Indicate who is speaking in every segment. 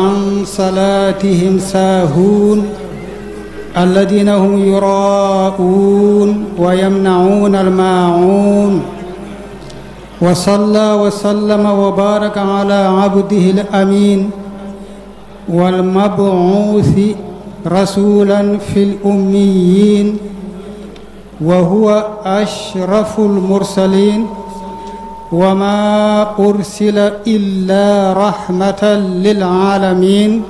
Speaker 1: عن صلاتهم ساهون الذين هم يراءون ويمنعون الماعون وصلى وسلم وبارك على عبده الأمين والمبعوث رسولا في الأميين وهو أشرف المرسلين وما أرسل إلا رحمة للعالمين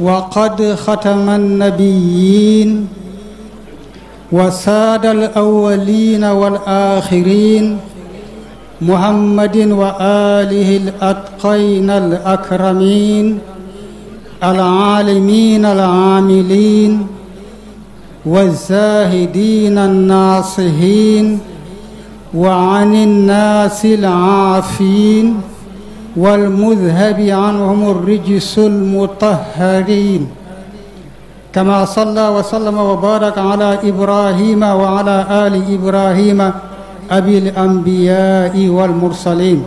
Speaker 1: وقد ختم النبيين وساد الأولين والآخرين محمد وآله الأتقين الأكرمين العالمين العاملين والزاهدين الناصحين وعن الناس العافين والمذهب عنهم الرجس المطهرين كما صلى وسلم وبارك على إبراهيم وعلى آل إبراهيم أبي الأنبياء والمرسلين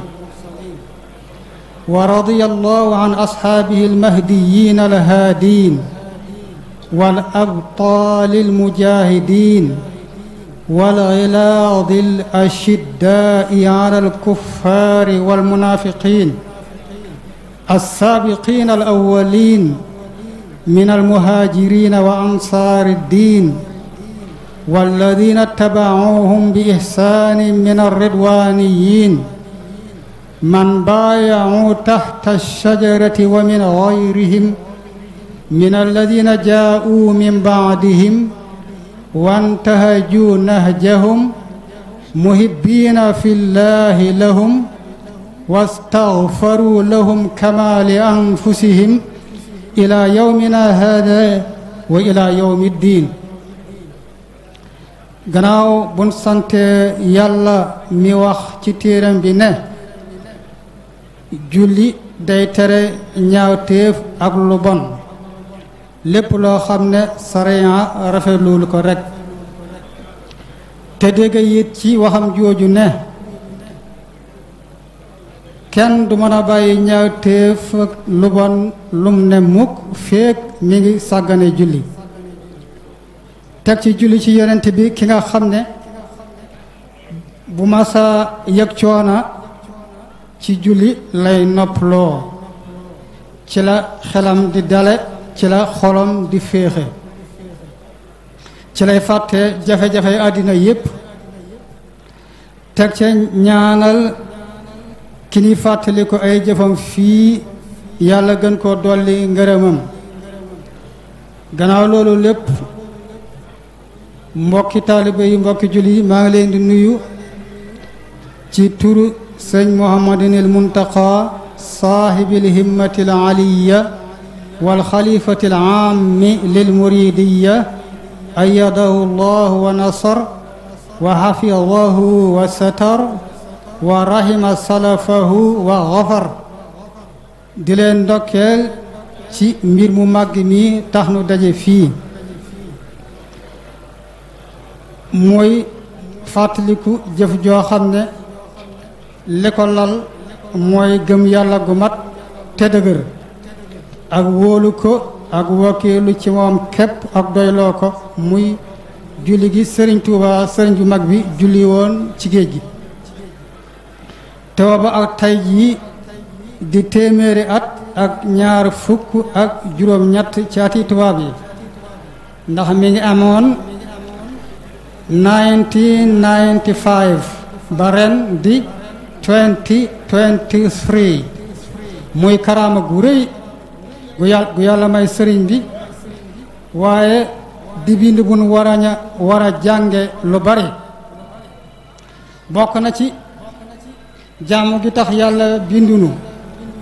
Speaker 1: ورضي الله عن أصحابه المهديين الهادين والأبطال المجاهدين والغلاظ الأشداء على الكفار والمنافقين السابقين الأولين من المهاجرين وأنصار الدين والذين اتبعوهم بإحسان من الرضوانيين من بايعوا تحت الشجرة ومن غيرهم من الذين جاءوا من بعدهم وانتهجوا نهجهم مهبين في الله لهم واستغفروا لهم كما لأنفسهم إلى يومنا هذا وإلى يوم الدين gannaaw بن sante yàlla mi wax ci téeram bi ne julli day tere ñaawteef ak lu bon lépp loo xam ne sariya rafetluwul ko rek te dégg it ci waxam jooju ne kenn du mën a bàyyi ñaawteef ak lu bon lum ne mukk féeg mi ngi sàggane julli teg ci julli ci yonent bi ki nga xam ne bu masa yëg coona ci julli lay noppaloo ci la xelam di dale ci la xolom di féexe ci lay fàtte jafe-jafe àddina yépp teg ca ñaanal ki ni fàttali ko ay jëfam fii yàlla gën koo dolli ngërëmam gannaaw loolu lépp mbokki taalibe yi mbokki julli maa ngi leen di nuyu ci turu sëñ Muhammadinil Muntaqa saahibil himmatil aliya والخليفة العام للمريدية أيده الله ونصر وحفظه وستر ورحم سلفه وغفر دلين دوكيل تي مير مماغمي تحنو داجي في موي فاتلكو جف جو خامني لكولال موي گم يالا تدغر ak wóolu ko ak wakkeelu ci moom képp ak doyloo ko muy julli gi sëriñ Tuuba sëriñ bu mag bi julli woon ci géej gi tooba ak tay jii di téeméeri at ak ñaar fukk ak juróom ñett ci tubaab yi ndax mi ngi amoon 1995 ba ren di 2023 muy karaama gu rëy gu yàlla may sëriñ bi waaye di bind bu nu war jànge lu bari bokk na ci jàmm gi tax yàlla bindunu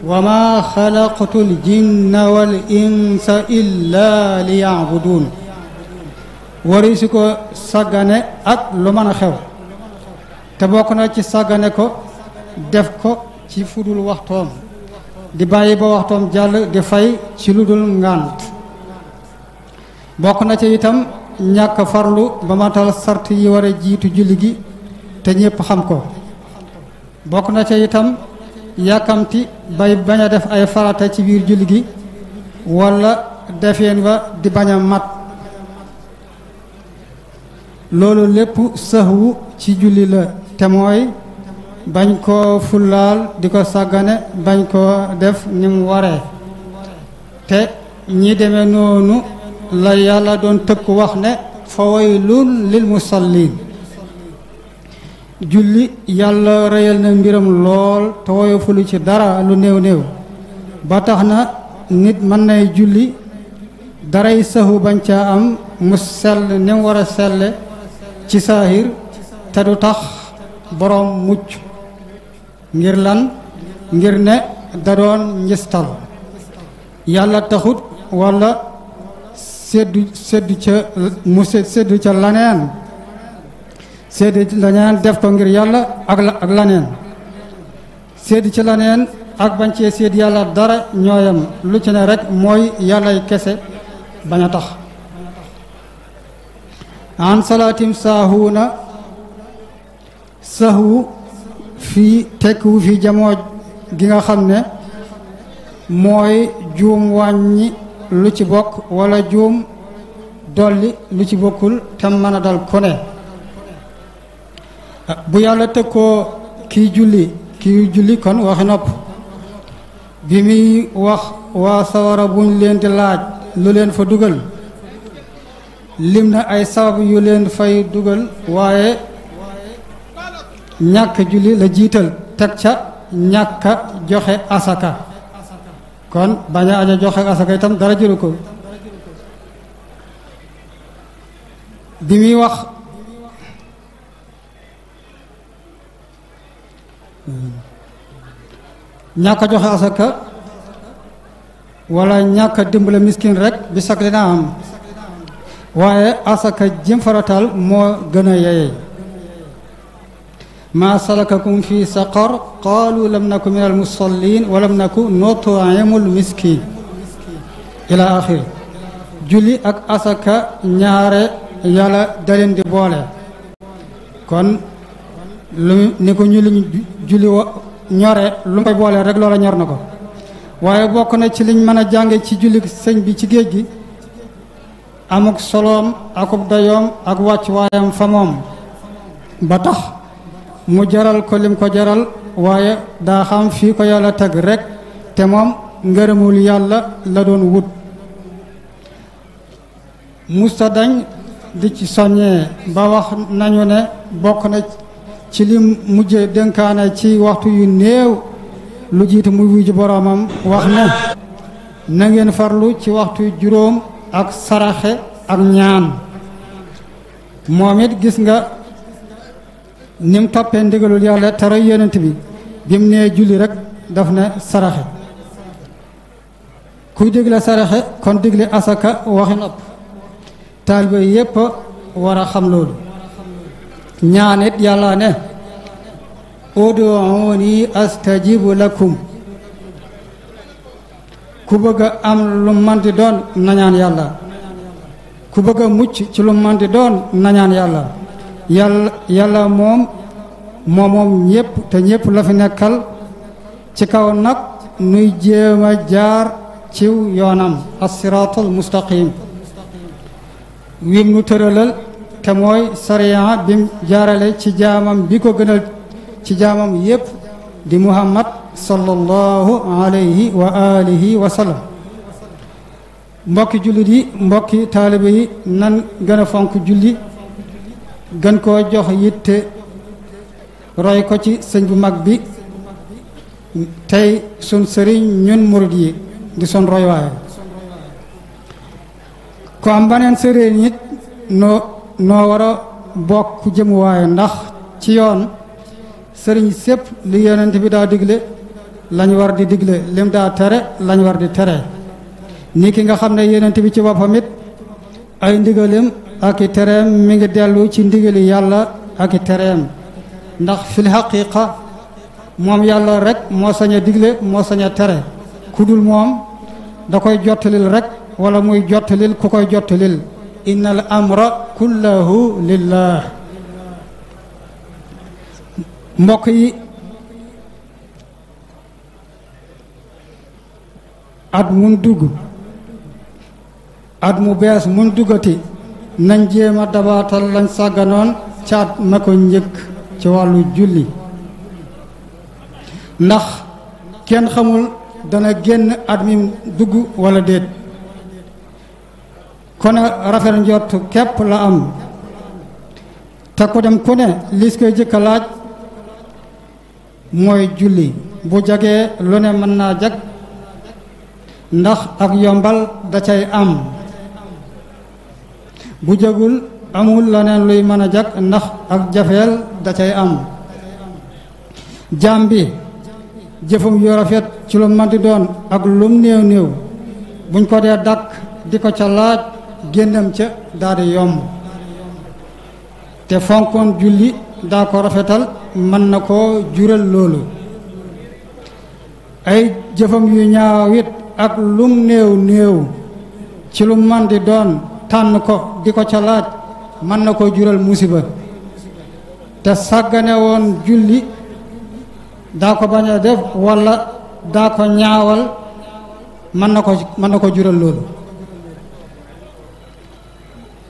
Speaker 1: wa ma xalaqtul jinna wal insa illa li yaabuduun wari si ko sàggane ak lu mën a xew te bokk na ci saggane ko def ko ci fudul waxtoom di bàyyi ba waxtoom jàll di fay ci lu dul ngànt bokk na ci itam ñàkk farlu ba matal sart yi ware jiitu julli gi te ñépp xam ko bokk na ci itam yàkkamti bay bañ def ay farata ci biir julli gi walla defeen wa di baña a mat loolu lépp sëxwu ci julli la te bañ koo fullaal di ko sàggane bañ koo def ni waree te ñi demee noonu la yàlla doon tëkk wax ne fa waylun lil musallin julli yàlla rëyal na mbiram lool te woyofulu ci dara lu néew néew ba tax na nit mën nay julli daray saxu bañ caa am mu sell ni mu selle ci saahir te du tax boroom mucc ngir lan ngir ne da doon njistal yàlla taxut wala seddu seddu ca mu seddu ca laneen seddu laneen def ko ngir yàlla ak laneen seddu ci laneen ak bañ cee séed yàlla dara ñooyam lu ci ne mooy yàllay kese bañ a tax an salaatim saahuuna sahwu fii tekkiwu fi jamooj gi nga xam ne mooy juum wàññi lu ci bokk walla juum dolli lu ci bokkul te mën dal kone bu yàlla teg koo kii julli kii julli kon waxi nopp bi muy wax waa sawara buñ leen di laaj lu leen fa dugal lim na ay sabab yu leen fay dugal waaye ñàkk julli la jiital teg ca ñàkk joxe asaka kon bañ a aja joxe asaka itam dara jëru ko bi muy wax ñàkk a joxe asaka wala ñàkk a dimbale miskin rek bi sak dina am waaye asaka jëm faratal moo gën a yeyey ما سلككم في سقر قالوا لم نك من المصلين ولم نك نطعم المسكين إلى آخره julli ak asaka ñaare yàlla daleen di boole kon lu ni ko ñu liñ julli ñore lu mu koy boole rek loola ñor na ko waaye bokk na ci liñ mën a jànge ci julli sëñ bi ci géej gi amuk soloom akub dayoom ak wàcc waayam fa ba tax mu jaral ko lim ko jaral waaye daa xam fii ko yàlla teg rekk te moom ngërëmul yàlla la doon wut musta dañ di ci soññee ba wax nañu ne bokk na ci li mujje dénkaane ci waxtu yu néew lu jiit muy wuju boroomam wax ne na ngeen farlu ci waxtu juróom ak saraxe ak ñaan moom gis nga ni mu toppee ndigalul yàlla te roy yonent bi bi mu nee julli rek daf ne saraxe kuy digle saraxe kon digle asaka waxi nopp taalibe yépp war xam loolu ñaanit yàlla ne uduuni astajibu lakum ku bëgg a am lu man di doon nañaan yàlla ku bëgg a mucc ci lu man di doon nañaan yàlla yàlla yàlla moom moo moom te ñëpp la fi nekkal ci kaw nag nuy jéem jaar ciw yoonam assiraatul mustaqim wim nu tëralal te mooy sariya bim jaarale ci jaamam bi ko gënal ci jaamam yépp di muhammad sallallahu alayhi wa alihi wa sallam mbokki jullit mbokki taalibe yi nan gën fonk julli gën koo jox yitte roy ko ci sëñ bu mag bi tey sun sëriñ ñun murit yi di sun roy waaye ko baneen sëriñ nit noo noo war a bokk jëmuwaay ndax ci yoon sëriñ sépp li yonent bi daa digle lañ war di digle lim daa tere lañ war di tere ni ki nga xam ne yonent bi ci boppam it ay ndigalim ak i mi ngi delu ci ndigali yalla ak i ndax fil haqiqa mom yalla rek mo saña digle mo saña tere kudul mom da koy rek wala muy jottalil ku koy jottalil innal amra kullahu lillah mbok yi at mun dug at mu bes mun dugati nañ jéema a dabaatal lañ sàgganoon caat at ko njëkk ci wàllu julli ndax kenn xamul dana génn at mi dugg wala déet kone rafet njortu képp la am te ku dem ku ne liis koy jëkka laaj mooy julli bu jagee lu ne mën naa jag ndax ak yombal da cay am bu jagul amul lanen luy mana jak ndax ak jafel da cey am jambi jeufum yo rafet ci lu manti don ak lu neew neew buñ ko de dak di ca laaj gennam ca daari yom te fonkon julli da ko rafetal man nako jural lolu ay jëfam yu ñaawit ak lum neew neew ci lu don tan ko diko ca laaj man nako jural musiba te sagane won julli da ko baña def wala da ko ñaawal man nako man nako jural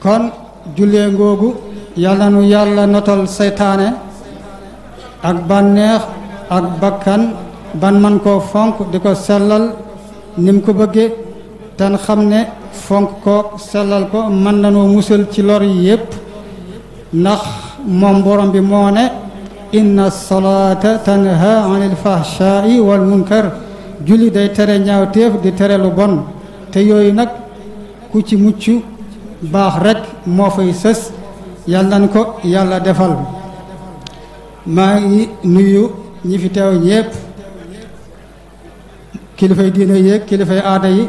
Speaker 1: kon julle ngogu yalla nu yalla notal setané ak banex ak bakkan ban man ko fonk di selal nim ko beugé tan xamné fonk ko sellal ko mën nanoo musal ci lor yi yépp ndax moom borom bi moo ne inna salaata tanha anil fahshaa'i wal munkar julli day tere ñaaw di terelu bon te yooyu nag ku ci mucc baax rekk moo fay sës yàlla nan ko yàlla defal maa ngi nuyu ñi fi teew ñépp kilifay diine yéeg kilifay aada yi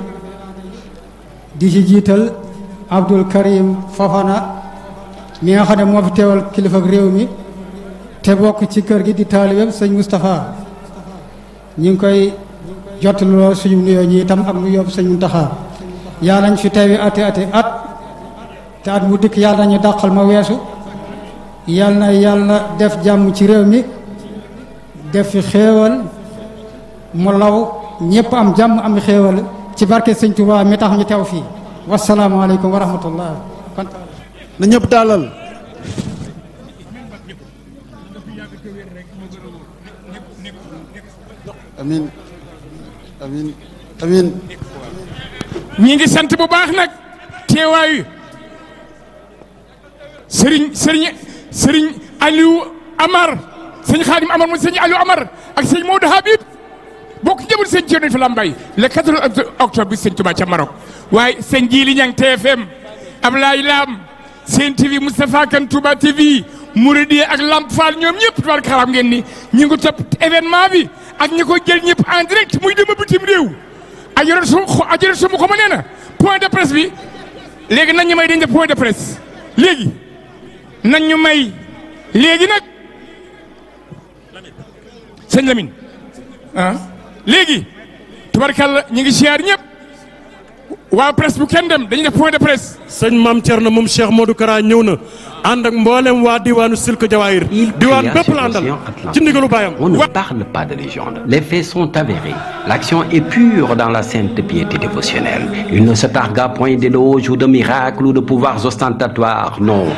Speaker 1: di ci jiital Abdul Karim Fofana mi nga xam ne moo fi teewal kilifa réew mi te bokk ci kër gi di taalibeem sëñ Moustapha ñu ngi koy jot lool suñu nuyoo ñi itam ak nuyoo sëñ Mountakha yàlla nañ fi teewi ati ati at te at mu dikk yàlla nañu dàqal ma weesu yàlla na yàlla def jàmm ci réew mi def fi xéewal mu law ñépp am jàmm am xéewal ci barke sëñ Touba mi tax ñu teew fii wasalaamaaleykum wa rahmatullah kon na ñëpp tàllal amin amin amin ngi sant bu baax nag teewaayu sëriñ sëriñ sëriñ Aliou Amar sëñ Xaadim Amar mu sëñ Aliou Amar ak sëñ Maodo Habib bokk njabootu sëñ Thierno fi la mbay le 4 octobre bi sëñ Touba ca Maroc waaye sëñ Jili Ñang TFM Ablaye Lam Sen TV Moustapha Kane Touba TV Mouridi ak Lamp Fall ñoom ñëpp tubaarkalla ngeen ni ñu ngi topp événement bi ak ñi koy jël ñëpp en direct muy dem bitim réew ak yore su ak yore su ma nee na point de presse bi léegi nañ ñu may dañ def point de presse léegi nañ ñu may léegi nag sëñ Lamine ah. léegi tubarkalla ñi ngi siyaar ñep wa presse bu kenn dem dañu def point de presse. sëñ mam Thierno moom Cheikh Modou Kara ñewna and ak mbollem wa diwanu Silk jawahir diwan bepp la andal ci ndigalu bayam On ne parle pas de légende. Les faits sont avérés. L'action est pure dans la sainte piété dévotionnelle. Il ne se targa point d'éloges ou de miracles ou de pouvoirs ostentatoires, non.